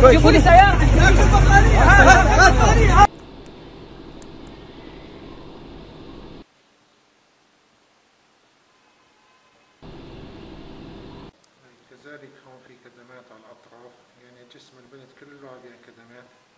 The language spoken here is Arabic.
سيارتي كذلك هون في كدمات على الاطراف يعني جسم البنت كله بها يعني كدمات